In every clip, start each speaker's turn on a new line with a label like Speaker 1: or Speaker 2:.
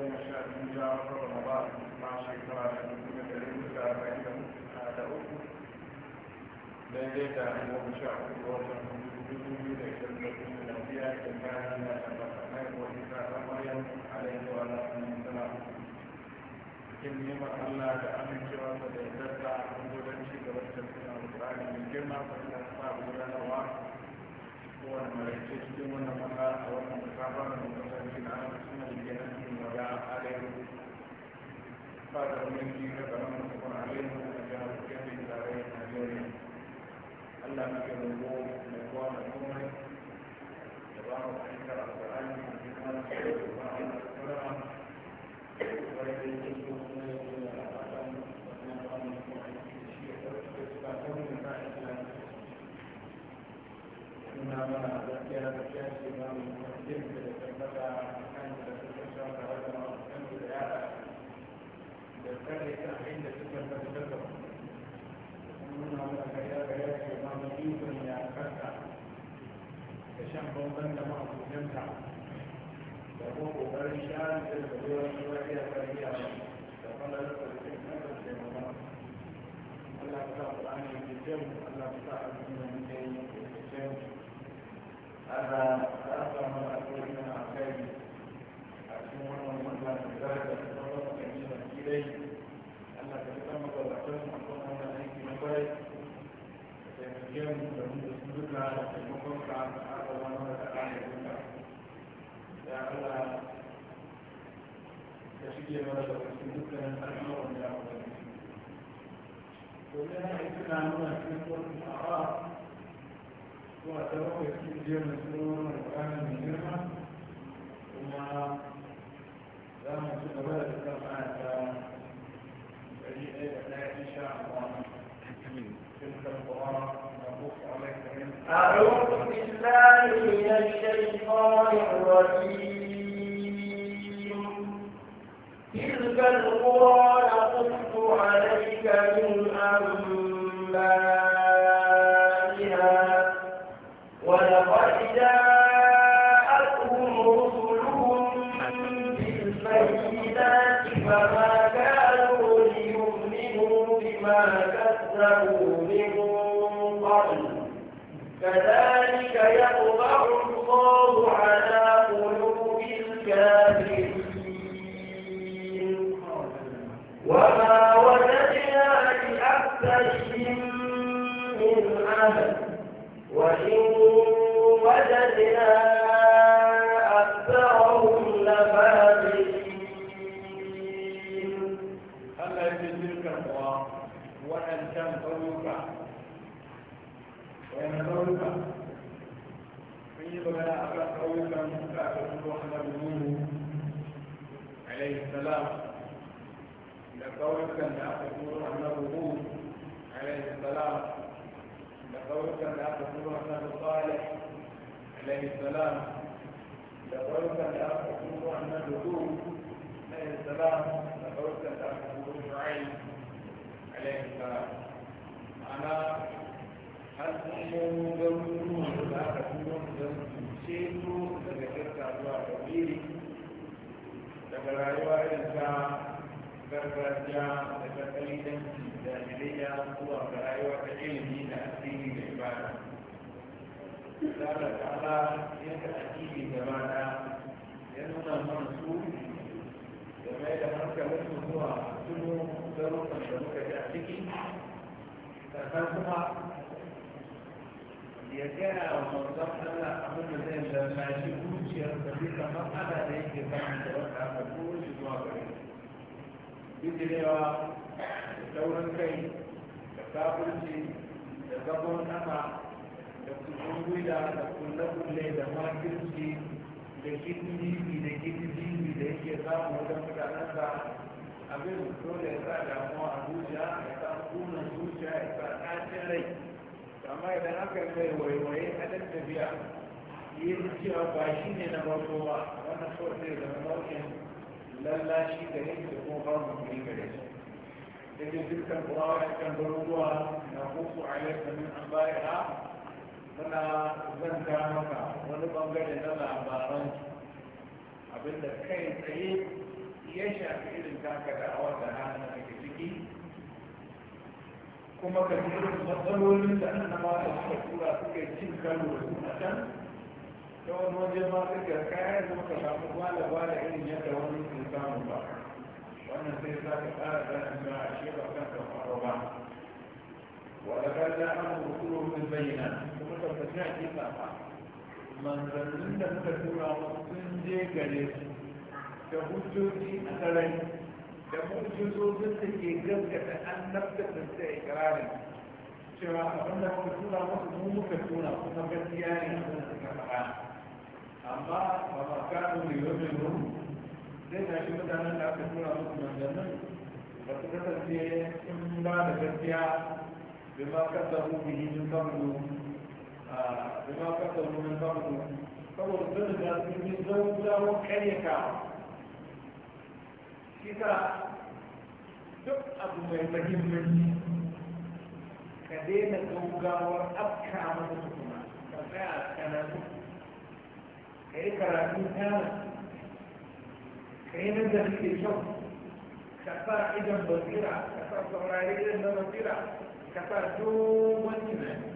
Speaker 1: goma sha biyu na ramadan na shekara da dubu da dari hudu da arba'in da uku daidai da goma sha hudu watan dubu biyu da ishirin da uku na biya da kayan na tabbata na yi wani kasa maryam alaihi wa rahmatullahi wa barakatuh cikin neman Allah da amincewa da yardarsa a kundurin ci gaba da suna alƙur'ani mai girma kuma sa gudanarwa kowane maraice cikin wannan mata a wannan musamman da musamman na suna da وجعل عليهم قال مني فلم نصبر عليهم وجعل كيف عليهم اجرهم الا نكر الوقوف من اخوان الامه تبارك عند القران في
Speaker 2: الرجيم تلك القرى نقص عليك من أمر
Speaker 1: عليه السلام قولك أن أقول أنه هود عليه السلام قولك أن أقول أنه صالح عليه السلام قولك أن أقول أنه هود عليه السلام قولك أن أقول شعيب عليه السلام أنا هل أمور جوزون لأقول جوزون شيء da rayuwa irin ta gargajiya da tattali da jiriya zuwa ga rayuwa ta ilimi da asiri da ibada Tsarar ta'ala yadda addini gaba da ya nuna mana su da mai da hankalin su zuwa tuno zarukan da muka ji a ciki sannan kuma ya gaya wa manzon Allah abin da zai lallashi zuciyar da duka matsala da yake samun da wata shi bijirewa da saurin kai da kafirci da gabon nama da kusan gwida da kulle-kulle da makirci da kitnibi da kitnibi da yake samu wajen mutanensa abin dole ya sa damuwa a zuciya ya sa kunan zuciya ya sa ɗacin rai amma idan aka kai waiwaye a ɗan tafiya yi cewa ba shi ne na farko wani wannan kawai zai nau'in lallashi da yin da kuma mu mai gare da ke dukkan kuma ya kan garuruwa na hukun a yadda min an bayara muna zanta maka wani bangare na labaran abinda kai tsaye ya shafi irin taka da awar da hannun da ke ciki kuma ka ji matsalolin da an nama da suka tura suka cin karo da su a can ta wani waje ma suka kayan da muka samu wala wala irin yadda wani sun samu ba wannan sai za ka tsara tsarin da a shekar kan ka ba wala kalla an rukuru min bayyana kuma tabbaci a ke sama manzannin da muka tura sun je gare su da hujjoji a tsarai da mujizozin da ke gaskata an tabbatar da ikirarin cewa abin da muka tura musu mu muka tura kuma gaskiya ne abin da suka faɗa amma ba ma kanu ne yau mai ruhu zai tashi mutanen da aka tura musu manzannin ba su kasance sun ba da gaskiya bima kasabu bihi min qablu bima kasabu min qablu saboda sun da sun yi zaune karyatawa kita duk abu mai mahimmanci ka daina gaugawar afka masa tukuna ka tsaya a kanatu ka yi karatun tana ka yi nan da kyau ka sa idan basira ka sa saurari idan na basira ka sa dogon tunani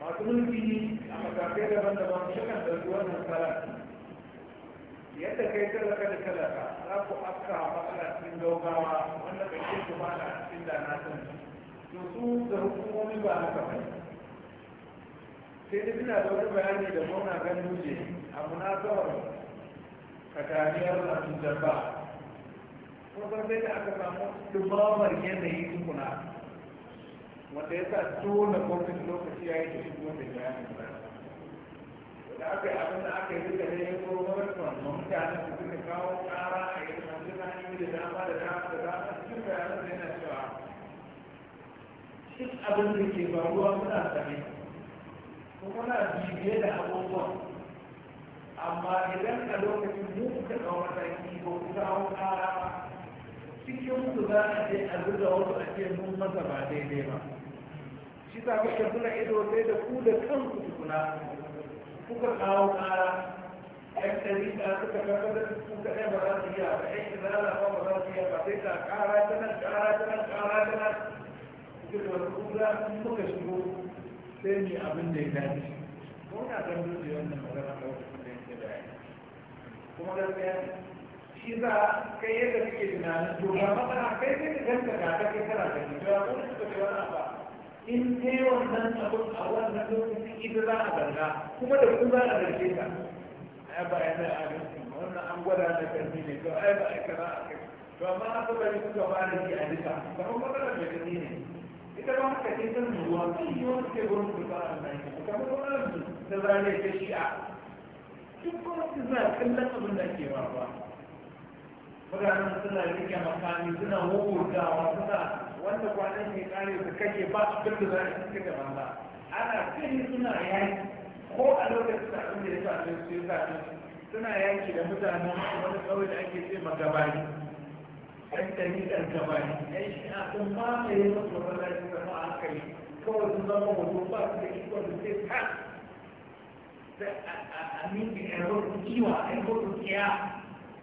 Speaker 1: masu mulki a matakai daban-daban sukan da wannan salatu yadda kai talaka da talaka za ku afka matsala cikin gaugawa wanda bai ce ku ba na cikin da na san to su da hukumomi ba haka ba sai da suna da wani bayani da mauna gan duje a munasabar kataniyar latin dabba kusan sai da aka samu dumamar yanayi tukuna wanda ya sa tona kofin lokaci ya yi da shigo da bayanin ba da aka yi abin da aka yi duka da ya ko gwamnatin ma mutane su suka kawo ƙara a yi masu na yi da dama da dama da dama cikin bayanan da yana cewa duk abin da ke faruwa muna sane kuma na bibiye da abubuwan amma idan a lokacin mu ka kawo mataki ko kuka hau ƙara cikin su za a je a zuga wasu a ce mun maza ba daidai ba shi za ku kuna ido sai da ku da kanku tukuna kuka kawo kara yan ɗari da suka tabbatar da su kaɗai ba za su iya ba yan izala ba ba za su iya ba sai ka kara ta nan kara ta nan kara ta nan duk da kuka muka shigo sai ne abin da ya dace ko na zan dole wannan magana da wata kuma yanke da yanke kuma gaskiya shi za kai yadda kake tunanin to ba matsala kai sai ka ganta ka kai kana gani to ya kuma suka ce wani abu in ta yi wannan abin a wannan lokacin ita za a zarga kuma da ku za a zarge ta ai ba yana a wannan an gwada da karfi ne to ai ba a kira a kai to amma aka bari kuka fara ji a duka ba kuma kana da karfi ne ita ba haka ce ta zuwa kan yi wani ke gurin kuka a nan ka kuma wannan ta zane ta shi'a
Speaker 3: duk kuma su za
Speaker 1: kallon abin da ke ba ba mutanen suna rike makami suna hukuntawa suna wanda kwanan ke kare su kake ba su duk da za su cikin gaban ba ana kai suna yaki ko a lokacin da abin da ya sami su sa sami suna yaki da mutanen wani kawai da ake ce magabani ɗan ɗariƙar gabani ɗan shi'a sun mamaye masu wani zama a hankali kawai sun zama wato ba su da ikon da sai ta a minti a rukun kiwa a rukun kiya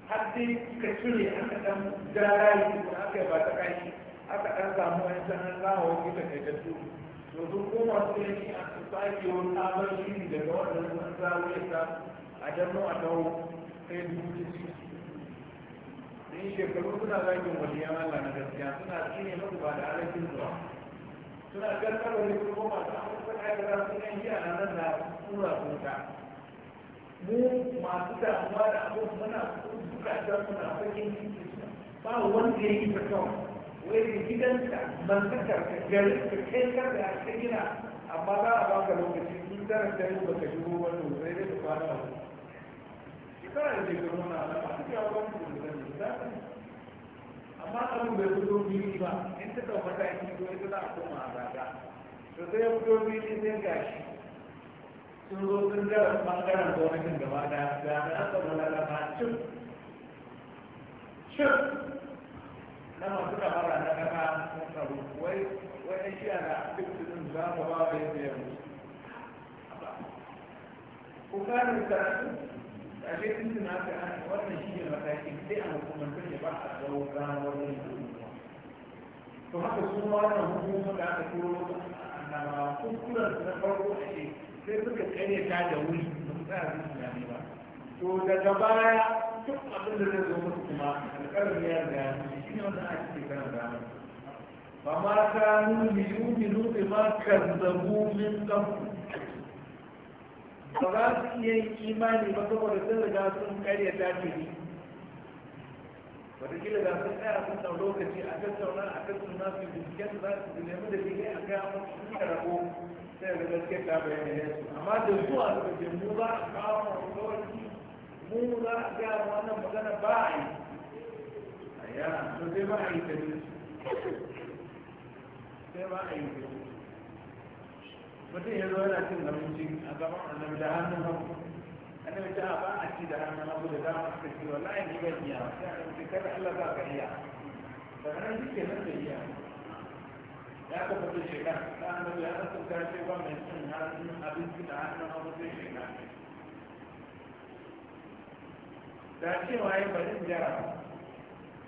Speaker 1: har sai ka cire aka ɗan gara yi ko aka ba ta kashi aka ɗan samu wani sanar lawa wani takaitattu to sun koma su yanki a tsaki wani sabon shiri daga wannan sun sa wuya sa a jannu a dawo sai dubu ciki sun yi shekaru suna zagin waliyan Allah na gaskiya suna tsine musu ba da alaƙin zuwa suna gaskar karkarwa ne kuma masu abubuwan aikata sun yan yi a nan da tura ta mu masu damuwa da abubuwan muna kuka ta muna fakin ciki ba wanda ya yi ta kawai wani gidanka mantakar ka garin ka kai kar da aka gina amma za a baka lokacin in tara da yau baka shigo wani sai dai ka fara wani shekara da shekaru na ala ba su yawa wani da zai da amma abin bai fito biyu ba in ta ɗau mataki ko ita za a koma a zaga to sai ya fito biyu sai gashi sun zo sun gara ɓangaren gwamnatin gaba da da na tsaro lalata cin cin na masu dabara na gaba na tsaro wai wai an shi ana fitin za ta ba da yadda ya musu ku karin karatu a shi tuntun na ka ana wannan shi ne mataki sai a hukumantar ya ba a
Speaker 3: tsawo gano wani
Speaker 1: to haka su ma wannan hukumar da aka turo na kuskuren na farko a ce sai suka karyata da wuri ba su tsaya su tunani ba to daga baya فما كانوا ليؤمنوا بما كذبوا من قبل فقالت هي الايمان بطور الزلجة ثم كان يتاكدي فرجل الغاصب لا أكون تولوك شيء أكدت ولا أكدت الناس يبنكت ذات بالنعمة التي هي أكا أمر شكرا أبو سيغلت كتابة يا أما دلتو أكبر جمهورا كاما وطور الزلجة mu za a gaya wannan magana ba a yi a yara to sai ba a yi ta sai ba a yi ta mutum ya zo yana cin abinci a gaban annabi da hannun hagu annabi ta ba a ci da hannun hagu da dama suka ce wallahi ni ban iya sai annabi kada Allah za ka iya daga nan shi ke nan da iya ya ka fito shekar ta annabi ya rasu ta ce ba mai cin hannun abinci da hannun hagu sai shekar لكن وين بدين جرى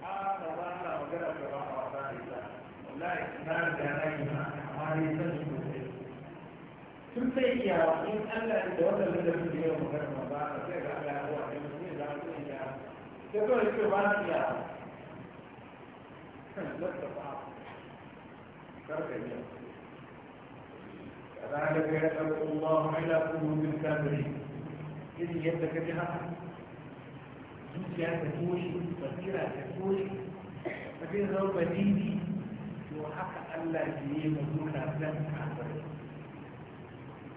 Speaker 1: هذا الله وجل في الله وتعالى لا إكمال جنائنا هذه
Speaker 3: تجد
Speaker 1: ثم تيجي يا وقيم أن أن أن أن أن أن أن لا تدور لنا في اليوم غير مبارك تيجي على هو يمسني زعلني يا تقول في بارك يا لا تفعل كرتي كذلك يسأل الله علاكم من كبري إذ يدك جهنم dukiya ta toshe basira ta toshe abin zama balili to haka Allah ke yi ma duka zan kafar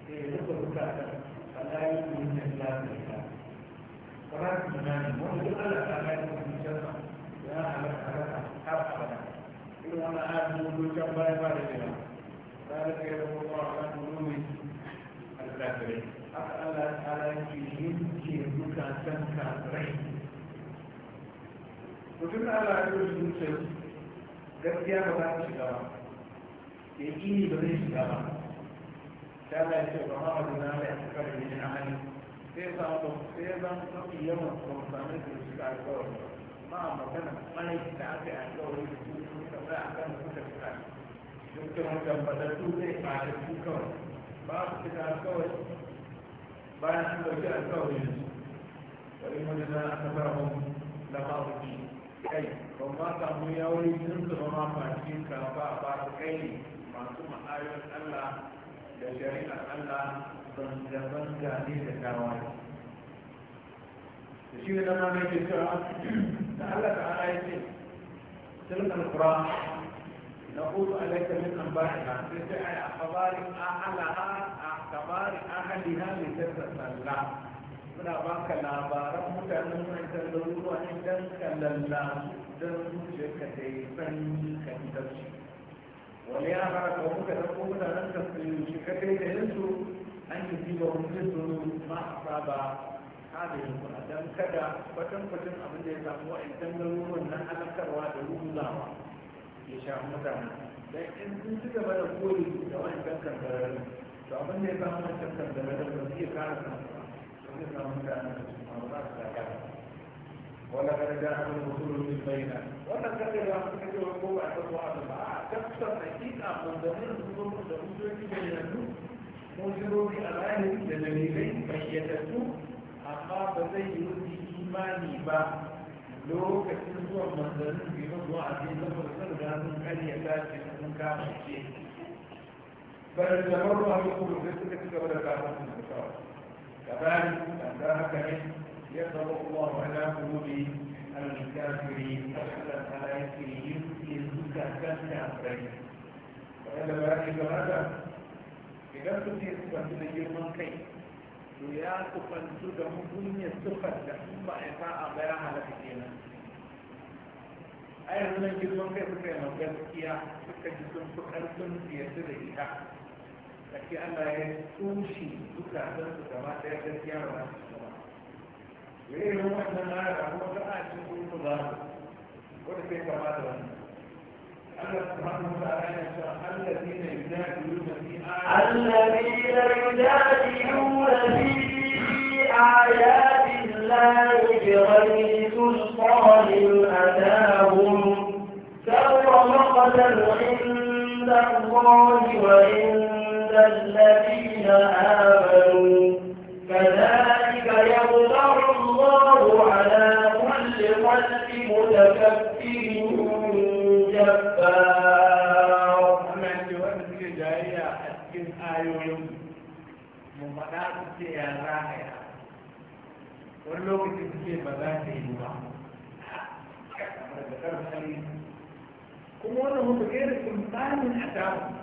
Speaker 1: da ya rufe duka ta alayi ne na lafiya ƙarar imani wani duk Allah ta alayi da zuciyar sa ya halatta raka har abada irin wani azu zuciyar baya ba da jira ذلك يدعو الله على قلوب الكافرين حتى الله تعالى يجيب يجيب مكان كافرين mutum da ala gaskiya ba za ta shiga ba da yi ba zai shiga ba ta ala ya ce ba ma ba zina da ya fi kare ne hali sai ya samu sai ya samu mafi yawan ba mu samu da shiga alkawari ma a magana mai da aka yi alkawari da su sun saura a kan suka shiga dukkan wancan batattu zai ɓata su kawai ba su shiga alkawari bayan an ɗauki alkawari da su kai ba ma samu yawon sun su ba ma fashin ka ba ba kai ne masu ma'ayon Allah da shari'ar Allah zanga-zanga ne da tawaye da shi ne zama mai cewa da Allah ta ala yake tilkan kura na kudu alaika min an ba ina sai sai a yi akabarin ahalaha akabarin ahaliha mai tattasalla muna baka labaran mutanen da garuruwa ne don kallalla don zuciya ka ta yi sanyi ka yi tafci wani ya fara ka muka ɗauko mutanen ka su shi ka kai da yanzu an yi jiba wani zuru ma a saba yanzu. A don kada kwatankwacin abin da ya samu wa'ancan garuruwan na halakarwa da rubulawa ya sha mutane don in sun ci gaba da koyi da wani wa'ancan kankararri to abin da ya samu wa'ancan kankararri ba su iya kara kansu سيدنا موسى أن الله تعالى ولقد جاءهم رسول من بيننا wannan kare da su kake wa ko ba ta zuwa da ba a tabbatar da kika mun da mun zuwa da mun zuwa da yanzu mun zuwa da alayi da dalilai bayyatattu amma ba zai yi wani imani ba lokacin zuwa manzannin bai ba zuwa a cikin zama da sun gano kariya ta ce sun kama ce bari da maro a yi kuma sai suka ci gaba da kama sun da kawai كذلك أنزاهك منه يسر الله على قلوب الكافرين أشهد على يسرهم إن كهتمت أمرين وإلى ذلك ماذا؟ إذا تجد فتنجر من كيف ya kufantu da mugunyar sufar da in ba a sa'a ba ya halaka kenan a yanzu nan girman kai suka yi gaskiya suka ji sun fi ƙarfin siyasa da ita sake Allah ya tushe zukatan su gaba ɗaya gaskiya ba za su zama. Yayin wannan ayar kuma ta a cikin kuma za su wanda sai kama da wannan. Allah subhanahu wa ta'ala ya ce alladhina yujadiluna
Speaker 2: fi alladhina yujadiluna fi ayati llahi bighayri sultanin atahum sawwa maqtan inda Allah wa inda الذين آمنوا كذلك يطبع الله على كل قلب متكبر جبار
Speaker 1: mun faɗa su ce ya za ka ya wani lokacin su ce ba za ka yi ba kuma wannan mutu irin sultanin a damu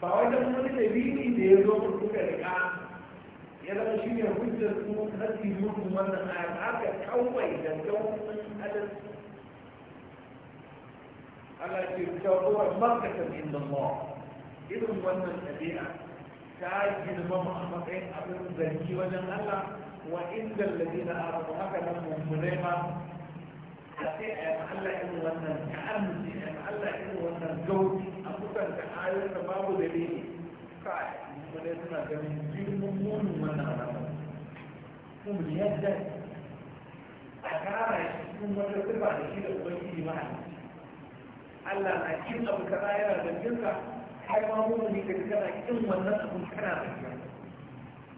Speaker 1: ba wai dan wani dalili da ya zo ku kuka rika ya zama shi ne hujjar ku na muku wannan ayar haka kawai da daukin adam Allah ke cewa markatan inda Allah irin wannan ɗabi'a ta girmama a matsayin abin zargi wajen Allah wa inda lalina a rabu haka nan mummunai ma a sai a yi Allah irin wannan ta'amuzi a yi Allah irin wannan gauti karanta ayoyin da babu dalili kai wanda suna ganin jirgin munin wannan alama kuma ne yadda a kara shi cikin wata sifa da shi da ubangiji ma Allah na kin abu yana da jinka kai ma mun ne kaji kana kin wannan abun kana da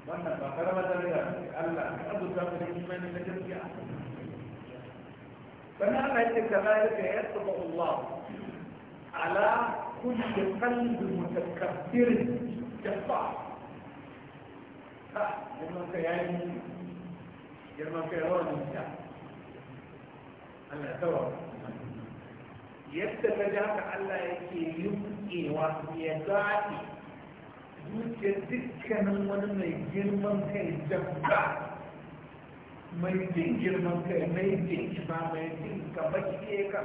Speaker 1: wannan ba karama da rira Allah ka abuta mu da imani da gaskiya sannan Allah ya ce kaza ya yasbu ala كل قلب متكبر جبار girman ka ya yi girman ka yawa nisa yadda ka ji haka Allah yake yunkewa ya zaɓi zuciyar dukkanin wani mai girman kai jabba mai jin girman kai mai jin kima mai jin ka baki ka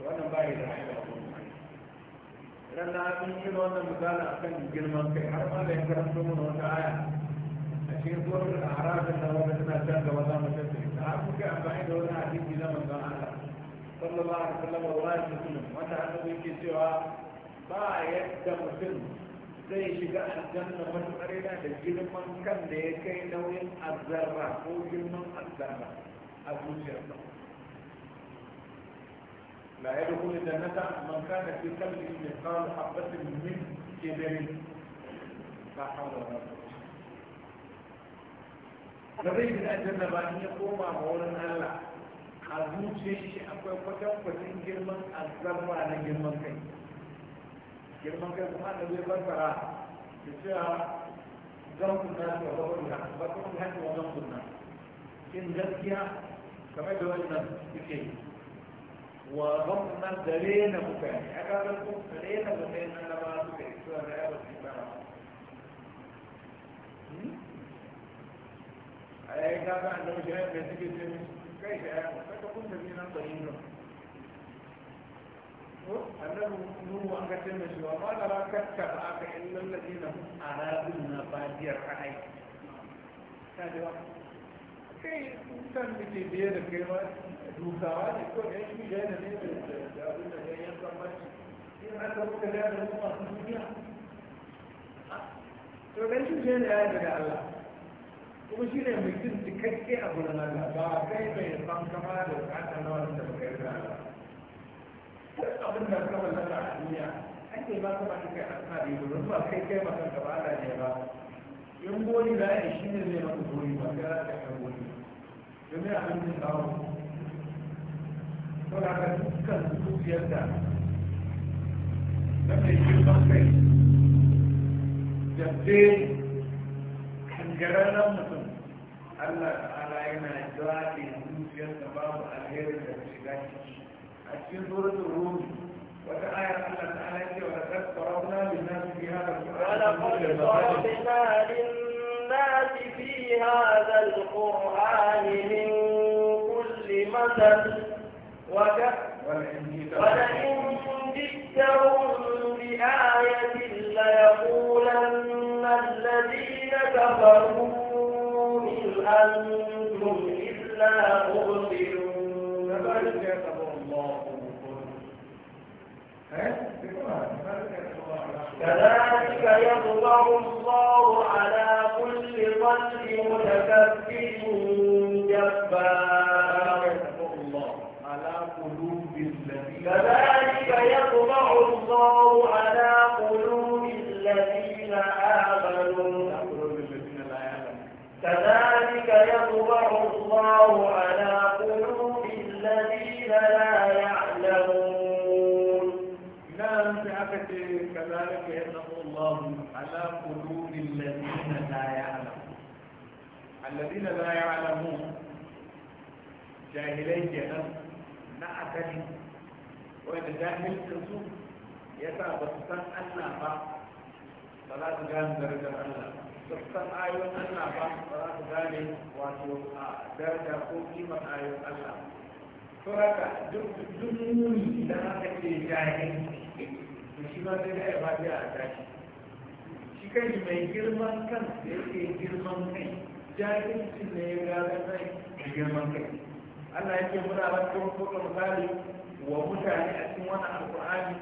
Speaker 1: wannan ba ya da dan na sun yi wannan misali akan girman kai har ma da ya karanto mana wata aya a cikin surar al-ahzab da wanda suna can gaba za mu tafi da har muke amfani da wani hadisi na manzon Allah sallallahu alaihi wasallam wa sallam wanda annabi yake cewa ba yadda mutum zai shiga aljanna matuƙar yana da girman kan da ya kai nauyin azzarra ko girman azzarra a zuciyarsa لا يدخل الجنة من كان في قلبه مثقال حبة من كبر لا حول ولا قوة ba zai gina aljanna ba in ya koma ma wurin Allah a zuce shi akwai kwatan kwatan girman azaba na girman kai girman kai kuma da zai barbara da cewa zan kunna su ga bakwai na ba kuma hanyar wannan kunna in gaskiya kamar da wannan suke yi
Speaker 2: وهم دليل مكاني
Speaker 1: أكاد أكون دليل مكاني أنا ما أتكلم سوى لا أبد أي كان عنده شيء بيسكت كيف أعمل فتكون دليل طيبا أنه نوع أنكتم سوى ما لا كتب أكا الذين هم أرادوا نفاجر عليه هذا واحد ابن کا مطلب ہے کہ یہ بات کا کہ اپنا یہ رومہ کے کے مطلب کا بات ہے یہ بات in gori za a shi ne zai maka gori ba ga za ka gori domin a hannun kawo saboda ka dukkan zuciyar da na mai girman kai jabbe kangararren mutum Allah ta'ala yana jaɗe zuciyar da babu alherin da shiga ciki a cikin tsoron rumi وتعالى الله تعالى ولقد للناس في هذا ولقد
Speaker 3: فرضنا
Speaker 2: للناس في هذا القرآن من كل مثل
Speaker 3: ولئن
Speaker 2: جئتهم بآية ليقولن الذين كفروا إن أنتم إلا مبطلون كذلك يطبع الله على كل قلب متكبر جبار كذلك يطبع الله على قلوب الذين آمنوا كذلك يطبع الله على قلوب الذين لا يعلمون كذلك
Speaker 1: يتقى الله على قلوب الذين لا يعلمون الذين لا يعلمون جاهلين جهل نعتني وإن جاهل يتعب السلطان الله با فلا تجان درجة الله تبطان آيون الله با فلا تجان درجة قيمة آيون الله فرقا جمعوني لما تكي جاهل to shi ma sai da ya ba a tashi shi kai mai girman kan da yake girman kai jahilcin ne ya gada kai da girman kai Allah yake muna rakon kuka misali wa mutane a cikin wannan alƙur'ani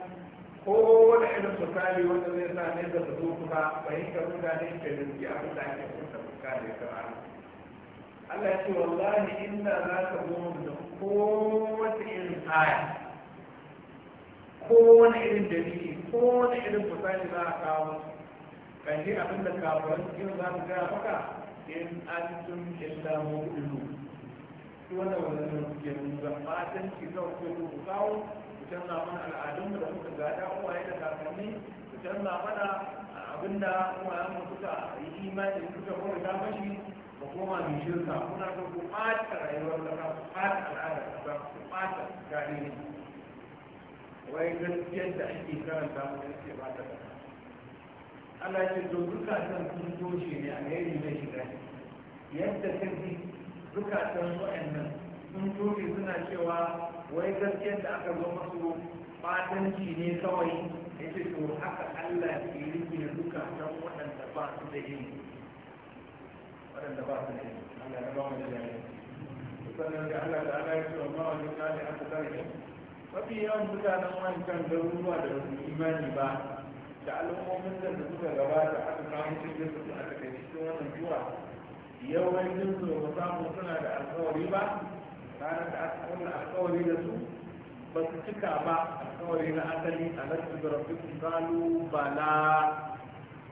Speaker 1: ko wani irin misali wanda zai sa ne da su kuka fahimtar mutane ke da su abin da ake kuka misali ba. Allah ya ce wallahi inda za ka mu da
Speaker 2: kowace
Speaker 1: irin aya kowane irin dalili kowane irin misali za a kawo kanji abin da kafuran cikin za su gaya maka in an tun illa mu'minu wanda wannan wannan suke nuna fatan ki zan ko ku kawo ku canza mana al'adun da suka gada uwaye da kakanni ku canza mana kuma ya mu suka yi imani suka kuma da mashi ku koma mai shirka kuna so ku ɓata rayuwar ƙasa ku ɓata al'adar ƙasa ku ɓata ne wai gaskiyar da ake karanta mu gaske ba ta da Allah ce to zukatan sun toshe ne a gairi na shiga yadda ka ji zukatan wa'annan sun toshe suna cewa wai gaskiyar da aka zo masu fatanci ne kawai ya ce to haka Allah ke rike zukatan waɗanda ba su da yin waɗanda ba su da yin Allah ya ba mu da yin sannan da Allah ta'ala ya ce wa ma'a juna da aka zarge mafi yawan mutanen wancan garuruwa da ba imani ba da al'ummomin da suka gabata aka kawo cikin su aka kai cikin wannan zuwa yawancin su ba samu suna da alkawari ba ranar da aka kawo alkawari da su ba su cika ba alkawari na asali a lasu da rafikin zalu bala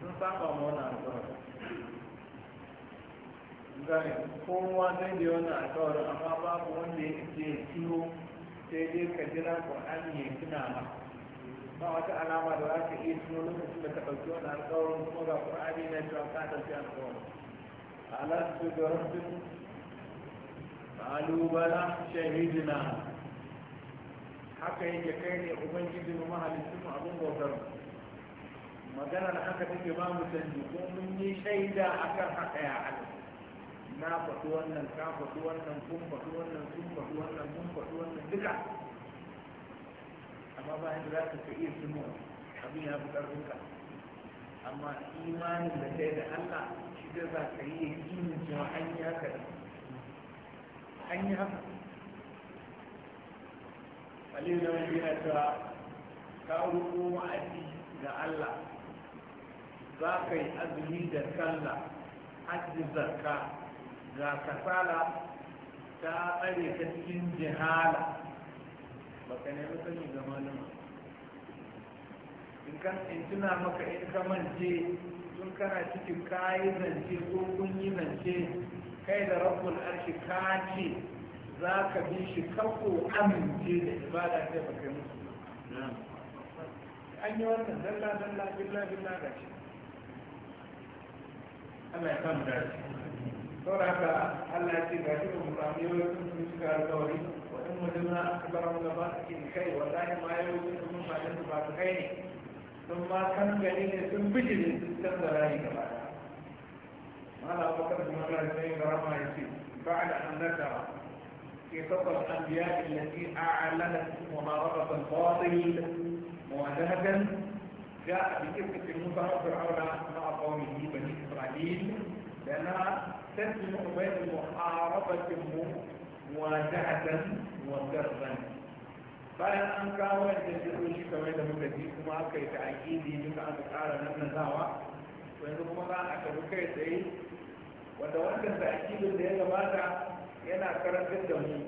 Speaker 1: sun saba ma wannan alkawari gane kowa zai da wannan alkawarin amma babu wanda ya ce ciwo sai dai ka jira qur'ani ya tuna ma ba wata alama da za ka iya tuno lokacin da ka ɗauki wani alƙawarin kuma ga qur'ani na cewa ka ɗauki alƙawarin ألست بربكم قالوا بلى شهدنا haka yake kai ne ubangijin mu abin bautar maganar haka take ba mu canji ko mun yi shaida akan haka ya Allah na faɗi wannan ka faɗi wannan kun faɗi wannan sun faɗi wannan kun faɗi wannan duka amma bayan da za ka ka iya abin ya fi ka. amma imanin da kai da Allah shi da za ka yi yakinin cewa an yi haka da an yi haka Aliyu da wani yana cewa ka roƙo aji ga Allah za ka yi azumi da kalla hajji zarka. ga kasala ta tsare ta cikin jihala ba ka nemi sani ga malama in kan in tuna maka in ka mance tun kana cikin kayi zance ko kun yi zance kai da rabbul arshi ka ce za ka bi shi amince da ibada sai ba kai musu an yi wannan dalla dalla billa billa ga shi Allah ya kama saboda haka Allah ya ce ga shi mu samu yawancin su suka alkawari wajen wajen na akabar mu gaba a cikin kai wallahi ma yawancin su mun fadin su ba su kai ne sun ma kan gani ne sun bijire sun canza rayu gaba mala bakar bin Allah sai garama ya ce بعد أن ذكر في سطر الأنبياء التي أعلنت مناظرة الباطل مواجهة جاء بكفة موسى فرعون مع قومه بني إسرائيل لنا تجمع بين محاربتهم مواجهة وسرا bayan an kawo yadda jiroshi kamar da muka ji kuma aka yi ta'akidi duka aka ƙara nan na zawa yanzu kuma za a tafi kai tsaye wanda wannan ta'akidin da ya gabata yana karantar da mu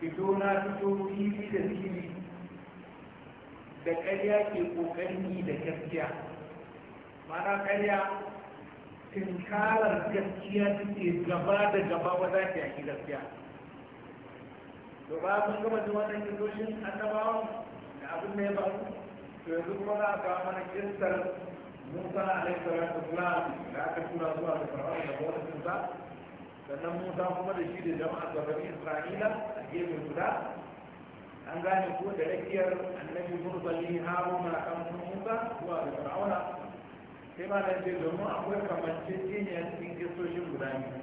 Speaker 1: fito na fito fili da fili da ƙarya ke ƙoƙarin da gaskiya mana karya. tinkarar gaskiya suke gaba da gaba wadda ta yaki gaskiya to ba mun gama da wannan kisoshin annabawan da abin da ya faru to yanzu kuma za a kawo mana kistar musa alaihi da wasalam da aka tura zuwa ga fir'aun da sun sa sannan musa kuma da shi da jama'a da bani isra'ila a gefe guda an gane ko da rakiyar annabi mursali haruna kan musa zuwa ga fir'auna sai ba na ce domin akwai kamancin jiniya cikin kiristocin guda biyu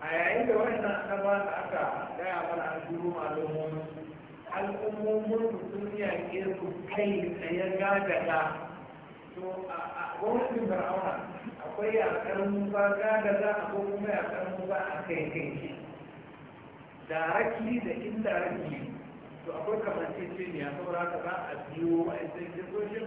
Speaker 1: a yayin da wannan ɗaba da aka gaya mana an turo malumomin al'ummomin sun yaƙe su kai gada gagada to a gwamnatin fir'auna akwai ba gada gagada ko kuma yaƙar ba a kai kai daraki da da indaraki to akwai kamancin jiniya saboda ka za a biyo a cikin kiristocin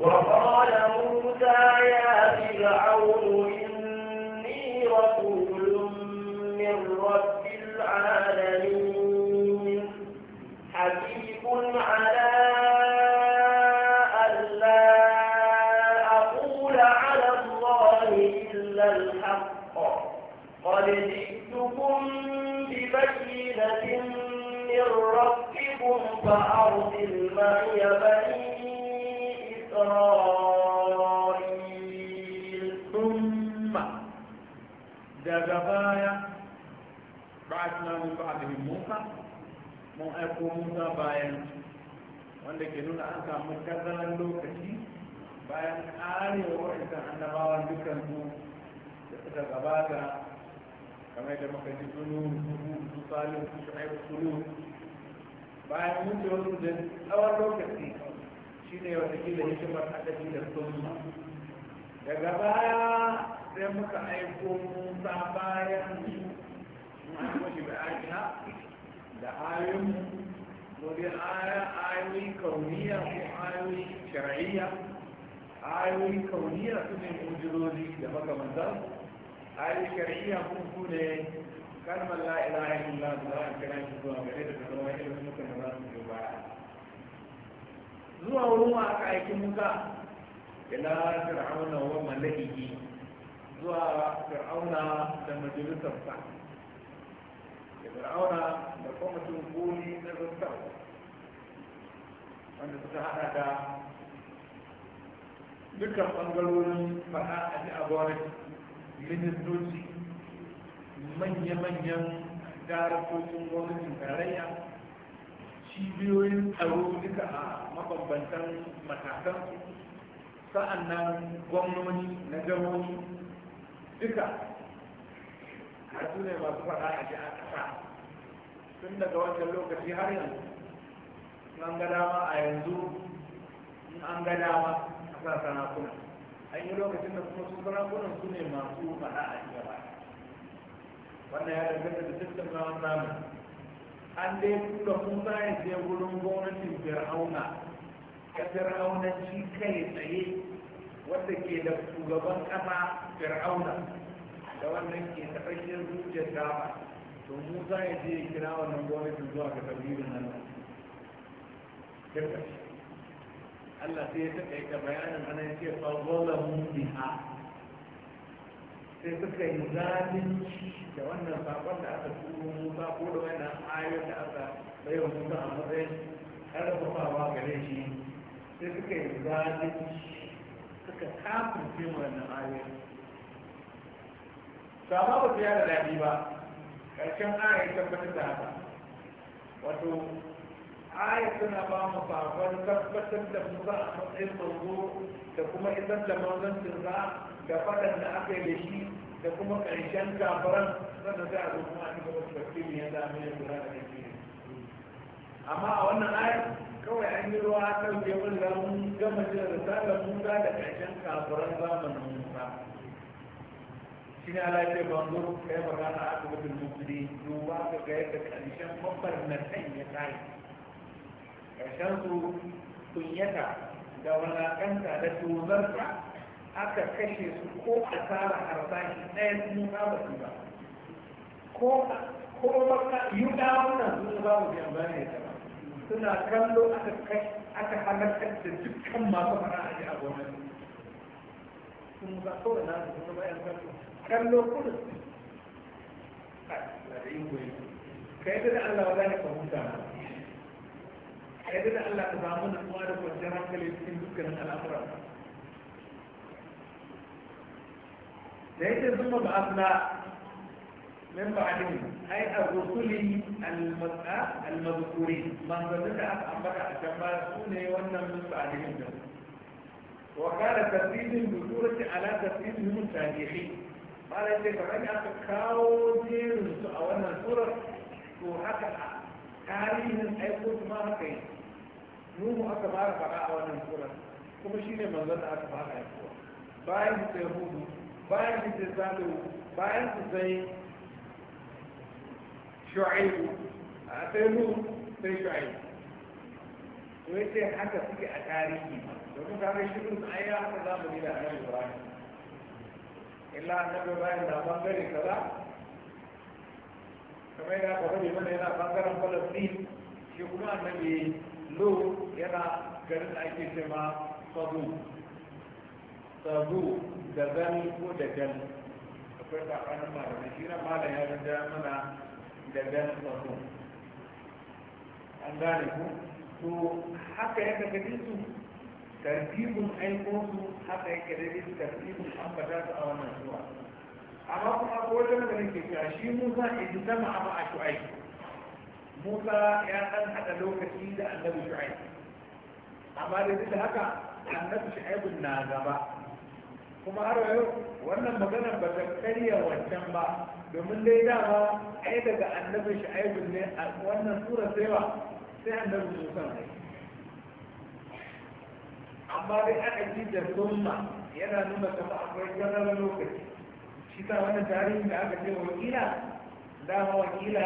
Speaker 3: وقال
Speaker 2: موسى يا فرعون إني رسول من رب العالمين حبيب على ألا أقول على الله إلا الحق قد جئتكم ببينة من ربكم فأرسل معي بني
Speaker 1: إسرائيل ثم دغبايا بعثنا من بعدهم موسى mun aiko Musa bayan wanda ke nuna an samu tazaran lokaci bayan karewa wa'ansan annabawan dukkan su da suka gabata kamar da muka ji sunu rubu su salu su shu'aibu bayan mun da tsawon lokaci shi ne watakila hikimar haɗari da sunna daga baya sai muka aiko musa bayan mashi da aina da ayoyin muri aya ayoyi kauniya ko ayoyi shari'a ayoyi kauniya su ne mujiroli da makamantar ayoyi shari'a kuma su ne kalmar la lalata illallah za a kira shi zuwa gare da kasarwa ilimin mutum da za su baya zuwa wurin a aka aiki musa ila fir'auna wa mala'ihi zuwa fir'auna da majalisarsa da fir'auna da kwamitin goli na zartar wanda suka hada da dukkan bangarorin fada a ji abuwa ministoci manya-manyan darasocin gwamnatin tarayya cibiyoyin tsaro duka a mabambantan matakan sa'an nan gwamnoni na jamoni duka har su ne masu faɗa a ji a ƙasa tun daga wancan lokaci har yanzu an ga dama a yanzu in an ga dama a sa sanakuna an yi lokacin da kuma su sanakunan su ne masu faɗa a ji gaba wannan ya danganta da tattalin wannan zamani an dai tura musa ya je wurin gwamnatin fir'auna ka fir'aunanci kai tsaye wanda ke da shugaban ƙasa fir'auna da wannan ke da rashin zuciyar dama to musa ya je ya kira wannan gwamnatin zuwa ga kabilun nan Allah sai ya taɓa bayanin anan ce fa zola mun biha sai suka yi zalunci da wannan sakon da aka turo musa ko da wani ayoyin da aka bai wa musa a matsayin ƙarfafawa gare shi sai suka yi zalunci suka kafirce wannan ayoyin sama ba su yada daɗi ba ƙarshen ayoyin tabbatar da haka wato ayat suna ba mu sakon tabbatar da musa a matsayin manzo da kuma isar da manzancin za da fadan da aka yi da shi da kuma ƙarshen kafiran sannan sai a zo kuma a ci gaba da ya zama a mai lura da tafsiri amma a wannan ayar kawai an yi ruwa kan jebin da mun gama jira da tsarin musa da ƙarshen kafiran zamanin musa shi ne ala ce banzo kai magana a wajen musulmi duba ka ga yadda ƙarshen kan ya tsari ƙarshen su kunyata da wani wulaƙanta da tuzarta aka kashe su ko a tsara harbashi ɗaya sun ba ba su ba ko maka yi ɗawunan sun ba mu biyan ba ne suna kallo aka kashe aka da dukkan masu fara a ji a gonar sun ba so da nasu sun ba yan kallo kallo kudu kai da Allah wala ne ka huta kai da Allah ka samu kuma da kwanciyar hankali cikin dukkanin al'amuran ليس ثم بأطلع من بعدهم أي الرسل آه، المذكورين من ذلك أمرك أجمع سنة وأن من بعدهم وقال ترتيب بصورة على ترتيبهم التاريخي قال إذا كمان أتكاو جيرس أولا سورة وهكا تاريخ أي قلت ما هكين نوم أتبار بقى أولا سورة كما شيني من ذلك أتبار أي سورة باين تهودو bayan intisalu bayan su sai shu'aibu a sai nu sai shu'aibu to yace haka suke a tarihi domin ka mai shirin su ai haka za zamani da annabi Ibrahim illa annabi Ibrahim da bangare kaza kamar da aka faɗi mana yana bangaren Palestine shi kuma annabi lo yana garin da ake cewa sabu tsaro da zan ko da gan akwai tsakanin malamai shi na malam ya zanja mana da gan tsaro an gane ku to haka ya kaga su tartibin aiko su haka ya kaga su tartibin an su a wannan zuwa amma kuma ko wajen da nake cewa shi musa ijtama ma a shu'ai musa ya san hada lokaci da annabi shu'ai amma da duk da haka annabi shu'aibun na gaba kuma har yau wannan magana ba ta karya wancan ba domin dai dama ai daga Annabi sha'ibin ne a wannan sura sai ba sai annabin musan ne amma dai aka ji da summa yana nuna kama akwai ganar lokaci shi ta wani tarihin da aka ce wakila dama wakila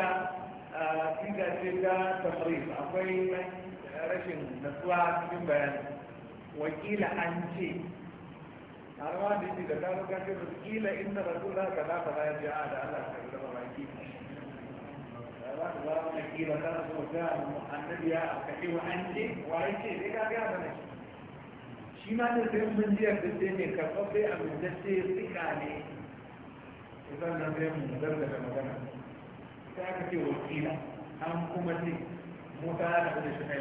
Speaker 1: siga ce ta tamrif akwai rashin natsuwa cikin bayani wakila an ce har ma da yake da gano kashe su kila inda rasulullah ka za ka bayar da da Allah ka yi zama baki da za ka zama na kila za ka so ta annabi ya kashe wa an ce wa ya ce sai ka ga mana shi ma da sai mun ji da sai ne a abin da sai tsika ne idan na sai mun zarga da magana Ta aka ce wa kila an kuma ce mutane da shi ne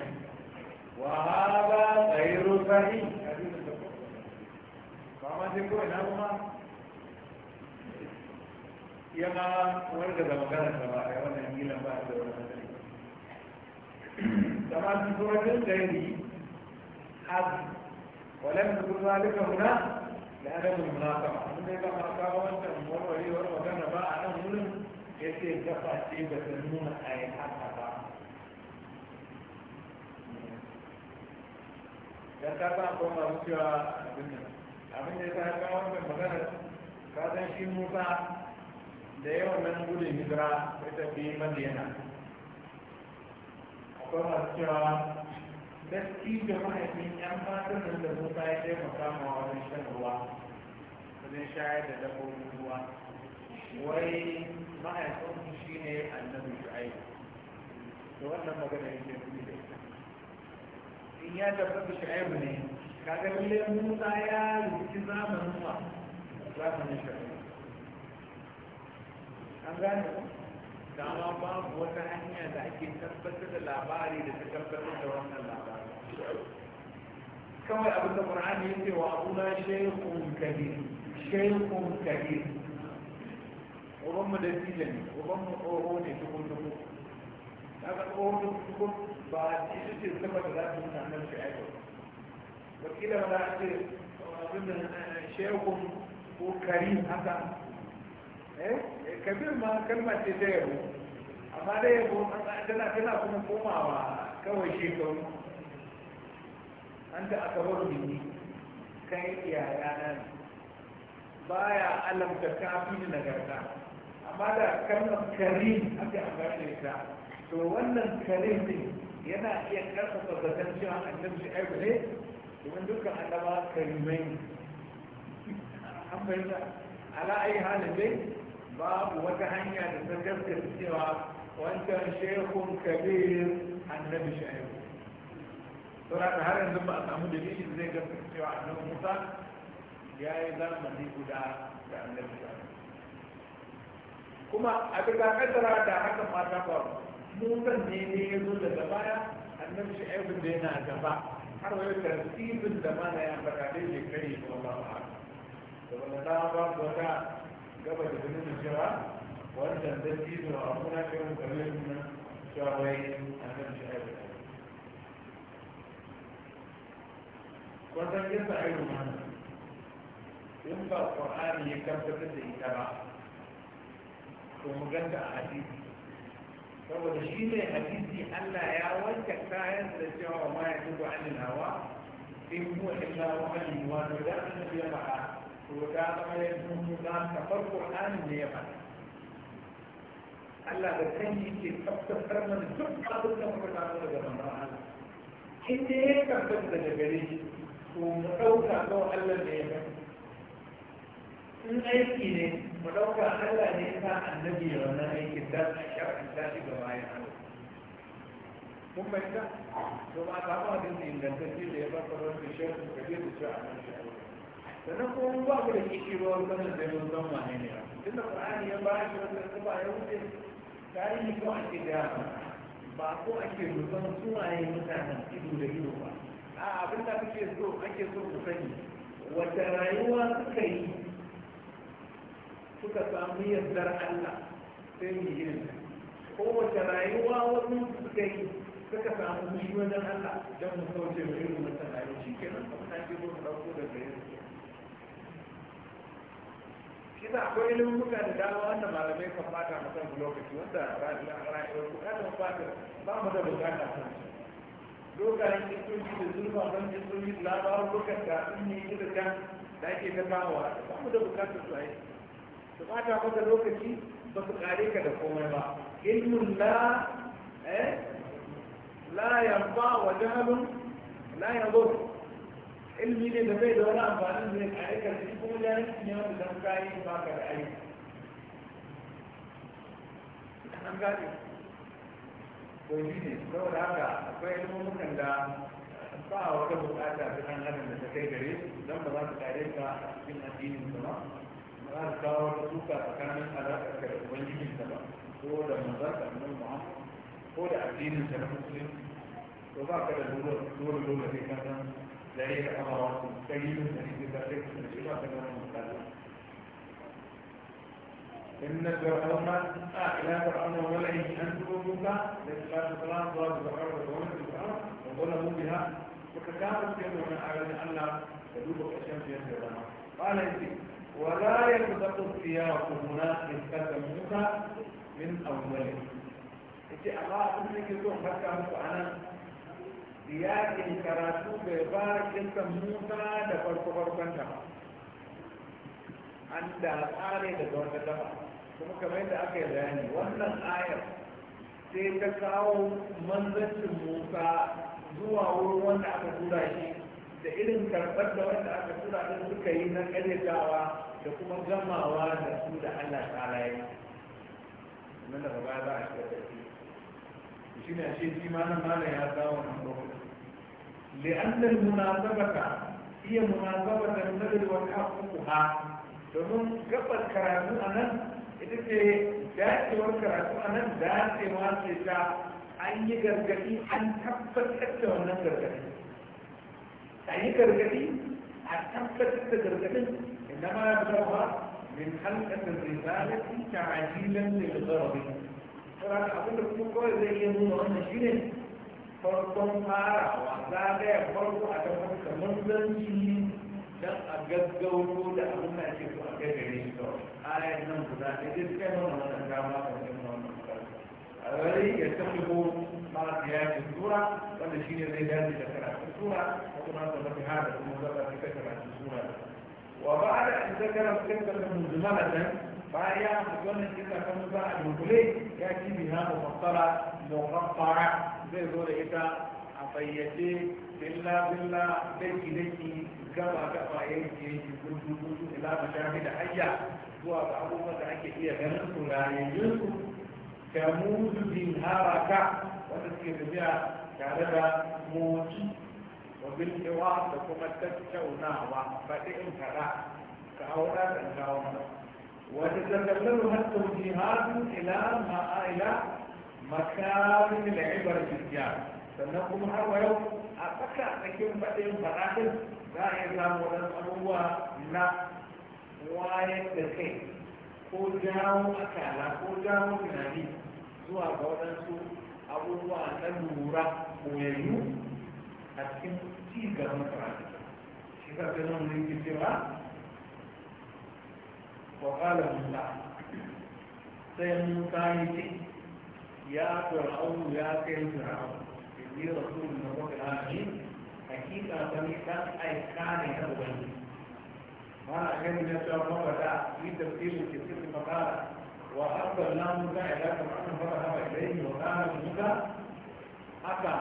Speaker 1: wa ba tsayiro sahi ba ma sai kawai na ma ya ma wanda da magana ta ba ya wannan gilan ba da wani hatsari kama su tsoron gairi hazi walan da kuma duka muna da adamin munasaba sun dai ba ma kawo wancan warwarewar magana ba a nan wurin ya ce dafa ce ba ta nuna a yi haka ba dan kasa ko ma wucewa abin nan abin da ya sa kawo da magana ka san shi musa da yawa nan gudun hijira ya tafi madina akwai masu cewa gaski da mahaifin yan fatan nan da musa ya taimaka ma wajen shan ruwa wajen shayar da dabbobin ruwa wai mahaifin su shi ne annabi shu'aibu da wannan magana yake kudi da ita in ya tabbata shu'aibu ne kaga lalle musa ya rubuci zamanin wa zamanin shari'a an gane dama babu wata hanya da ake tabbatar da labari da ta tabbatar da wannan labari kawai abin da qur'ani yake wa abuna shaykhun kabir shaykhun kabir uban mu da tilo ne uban mu tsoro ne tukun tukun kaga tsoro tukun ba ita ce saboda za su mutanen shi aiki wakila da za a ce abin eh, shekun ko karim haka eh, eh kabir ma kalma ce ta yabo amma da yabo tana tana kuma komawa kawai shekaru an ta aka bar mini kan iyaya na ne baya alamta kafin nagarta amma da kalmar karim aka ambace ta to wannan karim ne yana iya karfafa zaton cewa annabi shi ne domin dukkan annaba karimai an fahimta ala ayi halin dai babu wata hanya da ta gaskata cewa wancan shehun kabir annabi shahiru saboda ka har yanzu ba a samu dalili da zai gaskata cewa annabi musa ya yi zamani guda da annabi shahiru kuma a bisa kaddara da haka mata faru musan ne ne ya zo daga baya annabi shahiru da yana gaba har wani tartibin da mana ya faɗa dai ne kai ko ba ba da wanda ta ba ko ta gaba da zunubin jira wannan da tizo a kuna kiran kamar nan cewa wai annabi shi ai ko san yadda ai ruwan in ba qur'ani ya tabbatar da ita ba to mu ganta a hadisi saboda shi ne hadisi Allah ya wanke kayan da cewa ma ya tuba anil hawa in huwa illa wahyi wa da annabi ya faɗa to da zama ya tuba da kafar Qur'ani ne ya faɗa Allah da kanshi yake tabbatar mana duk abin da muka samu daga manzon Allah in dai ya tabbata daga gare shi to mu ɗauka kawai Allah ne ya faɗa in aiki ne mu ɗauka Allah ne sa annabi ya wani aikin da a shar'anta shi ga bayan Allah kun bai ta to ma ta ba da ingantacce da ya baka wani bishiyar su kaje su shi a nan sannan kuma ba ku da kishi ruwa wannan da ya zan wane ne ba tunda Qur'ani ya ba shi wannan su ba ya wuce tarihi ko ake da ba ko ake rubutan sunaye mutanen ido da ido ba a abin da kake so ake so ku sani wata rayuwa suka yi suka samu yardar Allah sai mu yi kowace rayuwa
Speaker 2: wasu suka yi
Speaker 3: suka samu
Speaker 1: mushi wajen Allah don mu kauce mai irin wannan rayuwa shi nan kuma ta ce mu ɗauko da gare su shi da akwai ilimuka da dama wanda malamai kan fata musan lokaci wanda rayuwar bukatar fatar ba mu da bukata kan lokacin iskoki da zurfa don iskoki labarin lokacin da sun yi da can da ake ta kawo ba mu da bukatar su a yi su bata maka lokaci ba su kare ka da komai ba ilmun la eh la yanfa wa jahalun la yadur ilmi ne da bai da wani amfani da kare ka da shi kuma jahilci ne wanda dan kai ba ka da aiki an gane ko shi ne saboda haka akwai ilmomukan da ba wata bukata ta ɗan adam da ta kai gare don ba za su kare ka a cikin addinin ba za ka kawo wata suka tsakanin alaƙar da ubangijin ta ba ko da manzan annabi muhammad ko da addinin ta na musulunci to ba ka da dole dole dole sai ka san zai da amawa su kai yin da ne da sai ka ce ba ka da mutane إن فرعون أعلى فرعون وملئه أن تكونوا ليس بعد السلام ضرب فرعون ومن فرعون وظلموا بها وكتابت كلمة أعلن أن لا تدوب الأشياء في هذه قال إنتي ولا يلبس السياق منافق كتمك من أوله إذا الله أنك تقول حتى أنا yakin karatu bai ba kinsan musa da farko-farkon an da tsare da wata dama kuma kamar yadda aka yi bayani wannan ayar sai ta kawo manzancin musa zuwa wurin wanda aka tura shi da irin karɓar da wanda aka tura ɗin suka yi na ƙaryatawa da kuma gamawa da su da Allah ta'ala ya nan daga baya za a shiga tafi shi ne ashe shi ma nan malam ya kawo wannan lokaci li'annar munasabata iya munasabata nadir ku ha, domin gabar karatu a nan ita ce dacewar karatu a nan dacewa ce ta an yi gargaɗi an tabbatar da wannan gargaɗi a yi gargadi a tabbatar da gargadin inda ma ya zama min halkatar risalati ta ajilan da ya zarabi saboda abin da kuma kawai zai iya nuna wannan shi ne farkon farawa zagaya farko a gaban kamar zanci don a gaggauto da abin da ake so a gaggare shi kawai nan guda ɗaya zai kai mana wannan dama da wannan a rari ya tafi fara tiyakin sura wanda shine zai dace da karatun sura ko kuma ta mafi hada kuma zaba ta kai karatun sura wa ba'da an zakara kinta ta mujmalatan bayan ya fi wannan kinta ta musa a dunkule ya ci biha mufassara muqattara zai zo da ita a fayyace billa billa daki daki gaba gaba yanki yanki gudu gudu ila mashahida hayya zuwa ga abubuwan da ake iya ganin su rayayyun su kamuzu bin haraka wata suke tare da moci wa bin da kuma tattaunawa faɗi in kaɗa ka haura da kawo mana wata tattalin hatta jihadu ila ma'aila makarin la'ibar jirgiya sannan kuma har wa yau a tsaka tsakin faɗin faɗaɗin za a yi samu wani abubuwa na wayar da kai ko jawo akala ko jawo tunani zuwa ga waɗansu abubuwa na lura koyayyu a cikin ci gaban karatu shi ka fi nan mun cewa wa kala musa sai musa yi ce ya fir'aunu ya kai fir'aunu inni rasulun na wakil alamin hakika sani kan aika ne na ubangiji ما أجل من يسأل مبدا في تفكير الكثير فقال وأفضل لا مدى إلى فرعون فذهب إليه وكان المدى أتى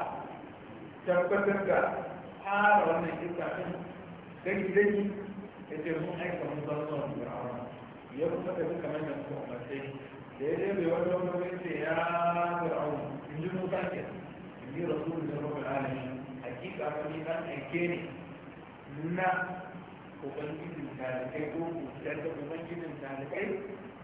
Speaker 1: tabbatar da fara wannan kirka din dangi dangi ya ce mun aika mun zama zuwa fir'auna ya kuma tafi kamar da muka umarce da ya je bai wani wani wani ce ya fir'auna in ji musa ke in ji rasulun da rabbul alamin hakika kan yi dan aike ne na ubangijin talibai ko kusurta ubangijin talibai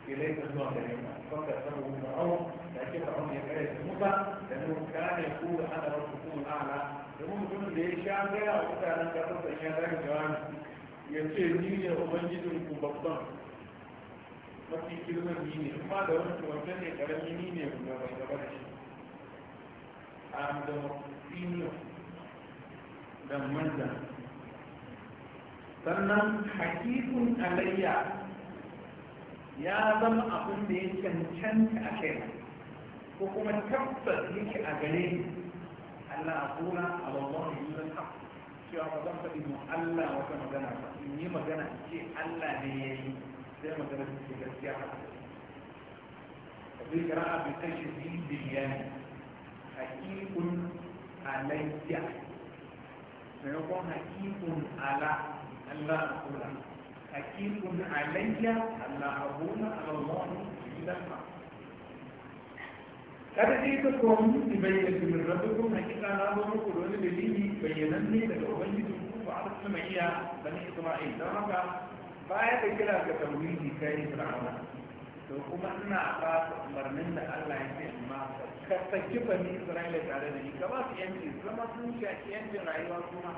Speaker 1: إليك الله جميعا فقد أسره فرعون لكن فرعون يكره موسى لأنه كان يقول أنا ربكم الأعلى يقول كل ليه شعب جاء وقت أنا كفرت أن يدرك جوان يصير ديني ومنجد المبطن ففي كلمة ديني ما دورت وجنة كلام ديني ولا بيتبرش أم دمر ديني دم منزل sannan hakikun alayya ya zama abin da ya cancanta a kai ko kuma tabbas yake a gare ni Allah a kuna a babban hujjar haq cewa ba zan faɗi mu Allah wata magana ba in yi magana ce Allah ne ya yi sai magana ta ce gaskiya haka abin kira abin kashi biyu biliyani hakikun alayya maimakon hakikun ala ألا أقول حكيم alayya. Allah abuna على الله kada
Speaker 3: dai ka kuma
Speaker 1: mutu bayyana min rabbikum hakika na zo muku da wani dalili bayyanan ne daga ubangijin ku ba a sama iya bani isra'il don haka baya da kira ga tauhidi kai fir'auna to kuma ina ba ka umarnin da Allah ya ce amma ka saki bani isra'ila tare da ni ka ba su yanci zama sun shafi yancin rayuwa kuma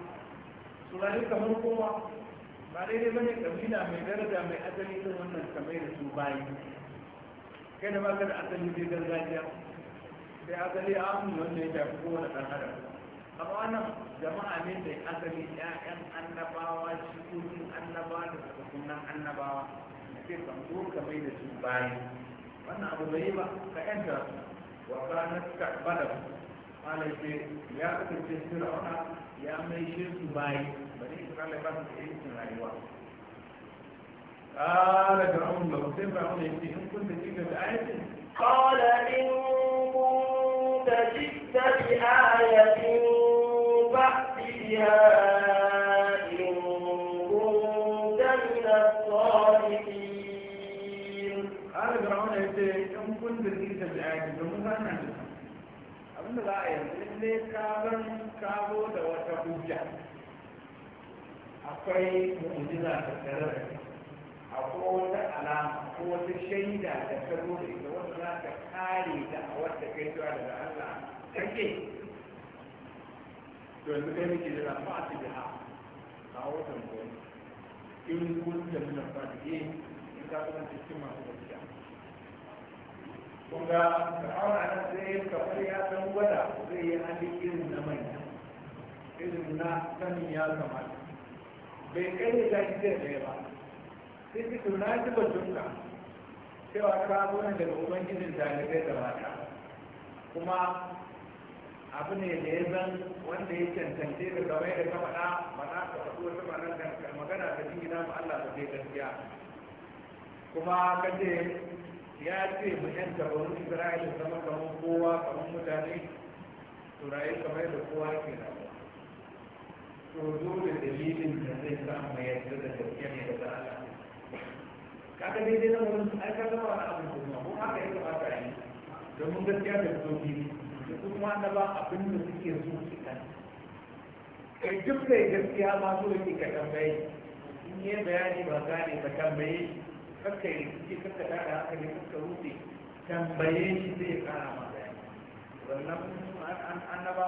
Speaker 1: tunani kamar kowa ba daidai bane kabila mai daraja mai asali irin wannan kamar da su bayi kai da baka da asali zai gargajiya sai asali a amin wanda ya shafi kowane ɗan adam amma wannan jama'a ne da asali ƴaƴan annabawa shigogin annabawa da tsakakunan annabawa sai kan zo kamar da su bayi wannan abu bai yi ba ka ƴanta wa ranar karɓar ala ce ya kasance fir'auna ya maishe su bayi bane isra'ila ba su da yancin قال فرعون لو إن كنت جئت بآية
Speaker 2: قال إن كنت بآية فأت بها إن كنت من الصادقين
Speaker 1: قال فرعون يأتي إن كنت جئت بآية فمتى نعلم abinda za a yanzu ne kaban kawo da wata hujja akwai mu'ujiza da tare da akwai wata alama ko wata shaida da ta zo da ita wata za ta kare da a wata kai da daga Allah take. to yanzu kai muke da rafa da biha a wata gobe in kun da muna fadi eh, in ka kuma cikin masu gaskiya kunga da awa na sai kamar ya san gwada zai yi hali irin na manya irin na sanin ya kamata bai kai da zai zai ɗaya ba sai ki tuna ji batunka cewa ka zo ne daga ubangijin dalibai da mata kuma abu ne da ya zan wanda ya cancance da kamar da ka faɗa faɗa ka faɗo, wata ma'anar da magana da jingina ma Allah ba zai gaskiya kuma ka ce ya ce mu ba tabarun isra'ila zama kamar kowa kamar mutane su rayu kamar da kowa ke da to dole dalilin da zai samu yadda da gaske ne da za'a kaga daidai na wurin wani ka zama wani abin kuma ko haka ya kamata yi domin gaskiya da zoki da kuma annaba abin da suke so su kan kai duk da gaskiya ma so yake ka tambaye in yi bayani ba gane ka tambaye kakka yi rikici kakka da hankali kakka rufe tambaye shi zai kara ma bayani wannan an annaba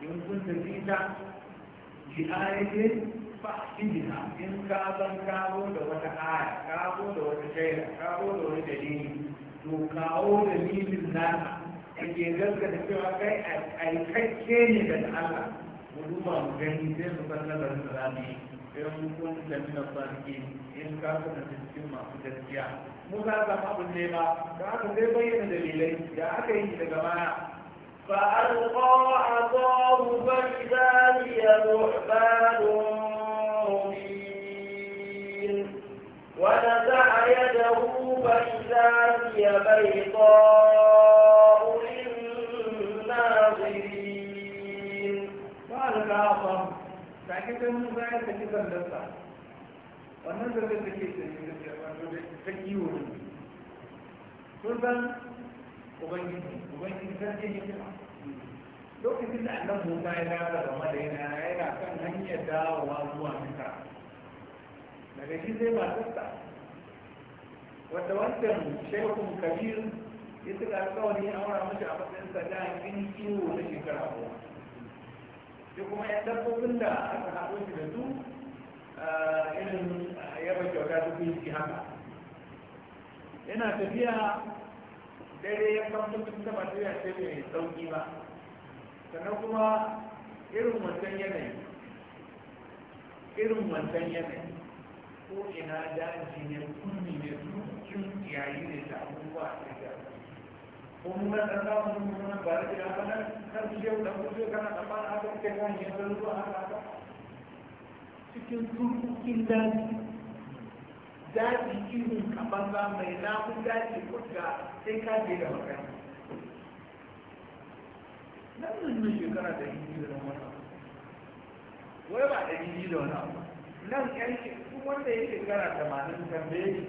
Speaker 1: in kun tafi ta bi ayatin fahimta in ka san kawo da wata aya kawo da wata shaida kawo da wani dalili to kawo dalilin naka ake gaskata cewa kai aikakke ne daga Allah mu duba mu gani zai mu san nazarin da za mu yi in kun da nuna sarki in ka kuna cikin masu gaskiya mu za ka abin ne ba da aka zai bayyana dalilai da aka yi daga baya
Speaker 2: فألقى عصاه فإذا هي ثعبان مبين ونزع يده فإذا هي
Speaker 3: بيضاء
Speaker 2: للناظرين فألقى عصاه
Speaker 3: take ta
Speaker 1: musa ya saki sandarsa wannan zargar da ke tsaye da wato da ta kiwo ne sun san ubangiji ubangiji sarki ne kuma lokacin da annan musa ya dawo da madina yana kan hanyar dawowa zuwa mika daga shi zai sai matarsa wadda wancan shekun kabir ya tuka alkawari ya aura mashi a matsayin sadakin kiwo na shekara goma da kuma yan dabbobin da aka haɗo shi da su eh, irin yaba kyauta su kun shi haka yana tafiya daidai ya farko sun taɓa tafiya ce mai sauƙi ba sannan kuma irin wancan yanayi irin wancan yanayi ko ina daji ne kulli ne su cikin yayi ne da abubuwa da kuma da ta mun mun ba da ya kana kan shi yau da kuzo kana da ba a kan kan yin da zuwa haka
Speaker 3: cikin turkukin daji
Speaker 1: daji irin kaban ba mai namun daji kuka sai ka je da magana nan nan na shekara da yi da wani wai ba da yi da wani abu nan yan shi wanda ya shekara tamanin tambaye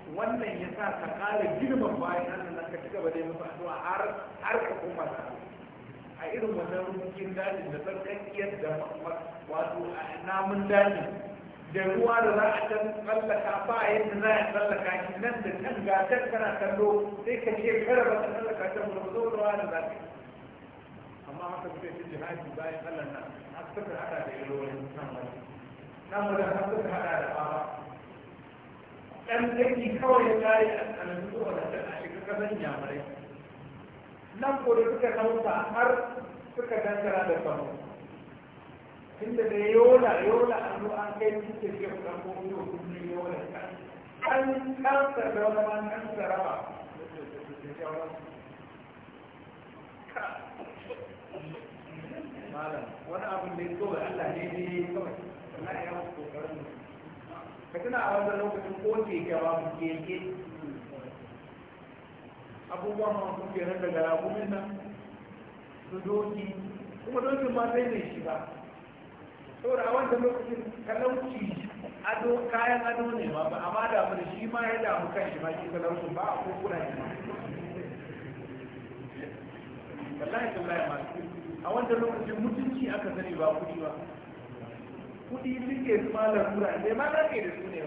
Speaker 1: wannan ya sa ka ƙara girman bayan nan ka ci gaba da musu addu'a har har ka kuma da a irin wannan rukin dajin da tsarkakiyar da wato namun dajin da ruwa da za a can tsallaka ba yadda za a tsallaka shi nan da can ga can kana kallo sai ka ce kara ba ka tsallaka can ba zo ruwa da za ka amma haka suka ce jihadi bayan Allah na har suka hada da irin wani nan wani nan wani har suka hada da bawa ɗan zaki kawai ya kare a tsanantu da a shiga kasan yamurai nan ko da suka nauta har suka dangara da kano inda da yola yola a zo an kai su ke ke kuɗa ko wani hukumin yola an kansa
Speaker 2: da wani man
Speaker 1: an saraba malam wani abin da zo da Allah ne ne kawai na yawan kokarin mutum ka tuna a wannan lokacin ko keke babu keke abubuwan ke kenan daga ragumin nan su doki kuma dokin ma sai shi ba.
Speaker 2: saboda a wanda lokacin
Speaker 1: talauci ado kayan ado ne ba amma da mu da shi ma ya damu kan shi ma shi talaucin ba a kokuna shi ma wallahi wallahi ma a wanda lokacin mutunci aka sani ba kuɗi ba kudi suke su malar tura ne ma za ka da su ne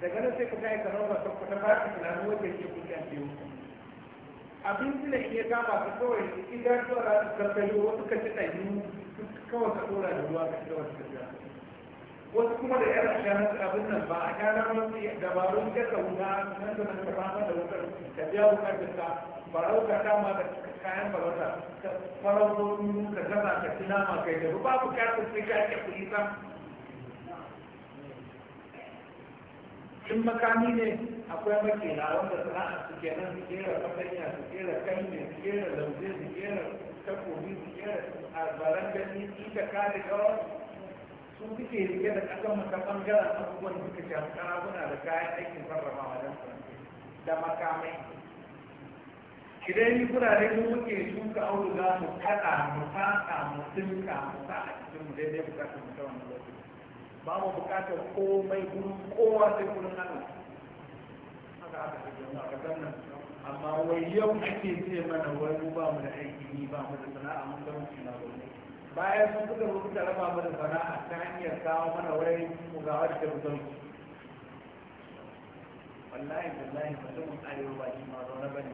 Speaker 1: daga nan sai ka tayi ka rauna ta kuma ba ka tunanin wanda ke kudi a biyu abinci da iya kama ka kawai idan zuwa za su karkayo wasu ka ci ɗanyu kawai ka ɗora da ruwa ka kira da wasu ka wasu kuma da yar na abin nan ba a kyanar wasu dabarun gasa wuta nan da nan ka fama da wutar ka biya wutar da ta farau ta ma da kayan farauta farau ka gaza ka ci nama kai da ba babu kyanar sai ka ake kuɗi in makami ne akwai na wanda sana'a su nan su kera fatanya su kera kanye su kera lauje su kera takobi su kera albaran gani ita kare kawai su suke rike da kasan maka bangaren abubuwan da suka shafi karabuna da kayan aikin wajen don da makamai idan yi kurare mu muke shuka auduga mu kada mu fata mu tsinka mu sa a cikin mu daidai bukatar mu ta wani lokaci ba mu bukatar komai gurin kowa sai kuma nan haka aka ce yanzu a nan amma wai yau ake ce mana wai mu ba mu da aiki ni ba mu da sana'a mun zama shi na gobe bayan sun suka zo suka raba da sana'a ta hanyar kawo mana wai mu ga wani da mutunci wallahi wallahi ba zan tsare ba shi ma zaune ba ne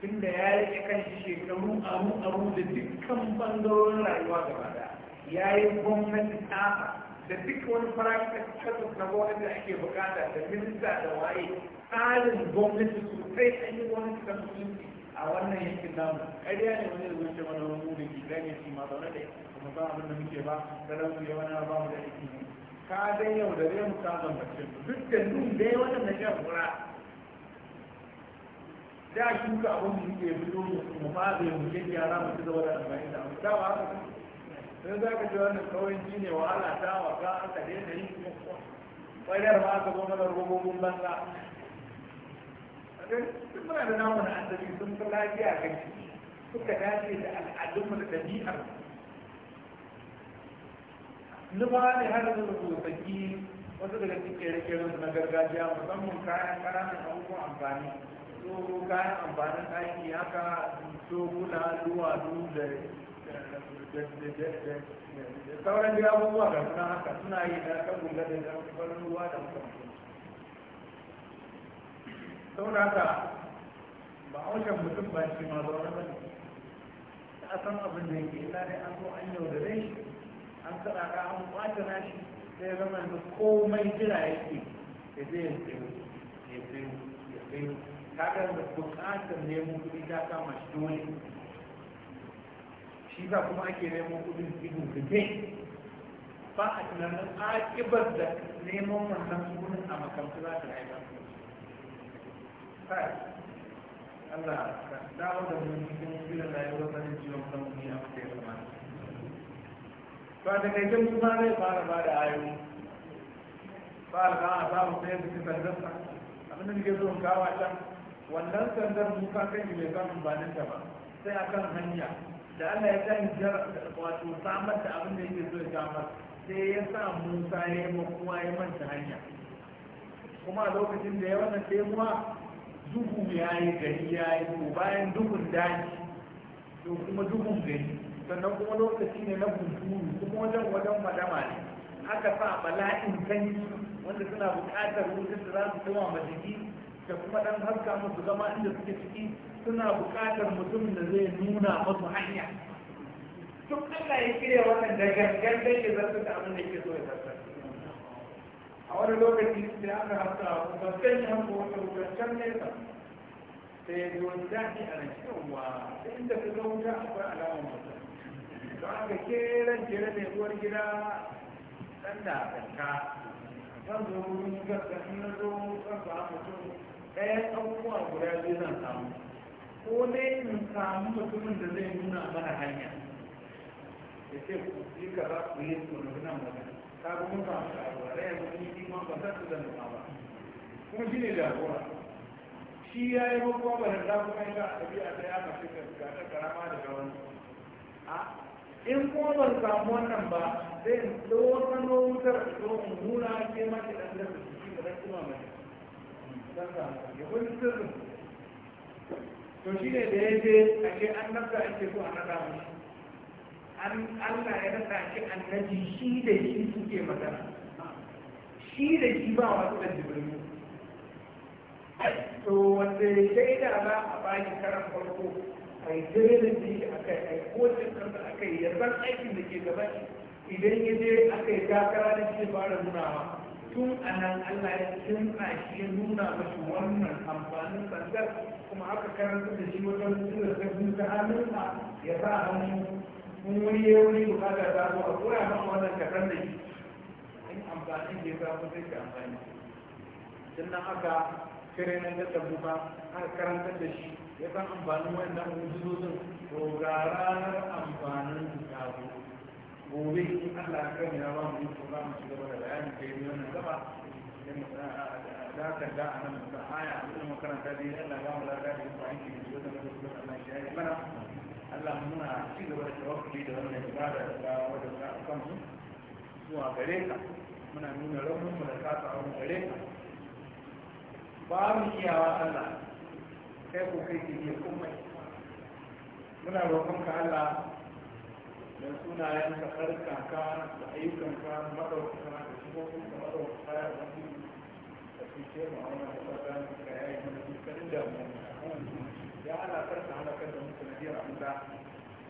Speaker 1: tunda ya rike kan shi shekaru aru aru da dukkan bangarorin rayuwa gaba daya ya yi gwamnati tsafa da duk wani farashin kasus na gwamnati da ake bukata da minista da waye tsarin gwamnati sosai an yi gwamnati ta musulunci a wannan yankin namu ƙarya ne wani da zuciya wani wani da ke gane shi ma zaune da kuma ba abin da muke ba da rasu ya wani ba mu da aiki ne ka dai yau da zai mu ka zambace duk da nun dai wannan na shan fura da shuka abin da muke fito da kuma ba zai mu yadda yara mu ci gaba da amfani da abu da ba sai za ka ji wannan kawai ne wahala ta waka aka daina yi ƙwayar ma aka zo mana robobin banza duk muna da namu na asali sun fi lafiya ga suka dace da al'adunmu da ɗabi'ar nufa ne har da rubutsaki wasu daga cikin kere na gargajiya musamman kayan ƙananan abubuwan amfani so kayan amfanin aiki haka so kuna duwatsu da sauran gida abubuwa ga suna haka suna yi na kan gunga da farin ruwa da makamantan saboda haka ba haushen mutum ba shi ma zaune ba ne ta san abin da yake ta ne an zo an yaudare shi an kaɗa ka an ɓata na shi sai zama da komai jira yake ya zai ya tsayo ya tsayo ya tsayo ta ga buƙatar neman kuɗi ta kama shi dole shi za kuma ake neman kudin ido rufe ba a tunanin akibar da neman wannan sunan a makarantu za ta haifar kai Allah ka dawo da mu cikin filin rayuwar sanin ciwon kanmu ne a kai kuma ba da kai jin kuma zai fara ba da ayoyi ba da ba a samu sai da kisan dasa abinda da ke zo kawo a can wannan sandar muka kai mai samun banin ta ba sai akan hanya da Allah ya kan wato samar da abin da yake so ya samar sai ya sa Musa ya yi makuwa ya manta hanya kuma a lokacin da ya wannan taimuwa duhu ya yi gari ya yi ko bayan duhun daji to kuma duhun gari sannan kuma lokaci ne na kunturu kuma wajen wajen madama ne aka sa bala'in sanyi wanda suna buƙatar wutar da za su tsawa majiki da kuma ɗan haska musu zama inda suke ciki suna bukatar mutum da zai nuna masu hanya
Speaker 2: duk Allah ya kire wannan da gangan
Speaker 1: da ke zarta da abin da ke so ya zarta a wani lokaci sai aka rasa ba san yi hanko wata rubutan nesa sai ya zo daɗi a nan cewa inda ka zo wuta akwai alamar mutum to aka kiran kira ne uwar gida ɗan da ɗanka zan zo wurin gasa in na zo zan samu mutum ɗayan abubuwa guda biyu zan samu
Speaker 2: ko dai in
Speaker 1: samu mutumin da zai nuna mana hanya ya ce ku yi ka za ku yi ku nuna mana ta ga mun samu da abuwa da yi ni shi ba za su da nuna ba kuma shi ne jagora shi ya yi makuwa ba da za kuma yi a tafiya ta ya mafi ka ta karama da gawan in kuma ban samu wannan ba sai in tsoro wutar zo in nuna ke mace ɗan da su shi da ɗan kuma mai don samu ya wani sirrin
Speaker 3: to shi ne da ya je
Speaker 1: a ce an nafsa ake so a nada mu an Allah ya nasa an annabi shi da shi suke magana shi da shi ba wasu da jibrilu to wanda ya shaida za a baki karan farko a yi jirilin da shi a kai a yi kocin kansa a kai ya aikin da ke gaba idan ya je aka yi takara da shi fara nunawa tun a nan Allah ya kimsa shi ya nuna mashi wannan amfanin sandar kuma aka karanta da shi wajen tura da ta hannunsa ya sa hannu kun wuri ya wani bukata za su a kura ma wannan kasar da shi in amfanin da ya samu zai ka amfani tun nan aka kare nan da tabbuka aka karanta da shi ya san amfanin wannan mujizozin ko ga ranar amfanin su ta zo gobe in Allah ya kai ya ba mu yi mu ci gaba da bayani kai wannan gaba da ta da anan da haya a cikin makaranta dai Allah ya mu da da yin aiki da yau da mutum Allah ya yi mana Allah muna ci gaba da tawakkali da wannan ibada da ta wada ta kan mu zuwa gare ka muna nuna raunin mu da ka ta mu gare ka ba mu iyawa Allah kai ko kai ke komai muna roƙon ka Allah don sunayenka tsarkanka da ayyukanka maɗaukaka da shigokinka maɗaukaka ya wani da fice ma wani maɗaukaka ka ya yi mana dukkanin damuwa ya ana karka halakar da mutu na biyar amda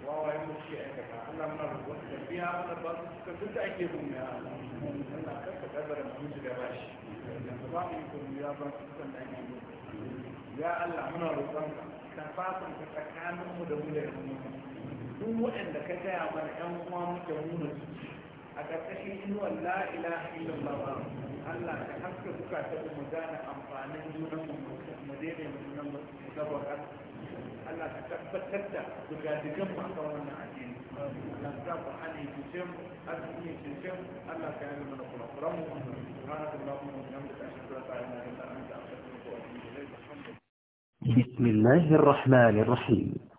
Speaker 1: wawaye mu shi aikata Allah muna rubuta da biya mana ba su suka duk da ake bin ya Allah karka kadara mu shi da bashi yanzu ba mu yi kuma ya ba su sukan da ake bin ya Allah muna roƙonka ka fasan ka tsakaninmu da mu da yanzu duk waɗanda ka gaya mana ɗan uwa muke nuna su a ƙarƙashin inuwar la ilaha illallah ba Allah ka haska suka ta mu gane amfanin junan mu mu daina mu nan mu gaba kan Allah ka tabbatar da dugadigan mu akan wannan addini Allah ka ku hane cucin azumi cucin Allah ka yi mana kurakuran mu subhanahu wa ta'ala mu nan da shi ta ta'ala da Allah an ta
Speaker 3: بسم الله الرحمن الرحيم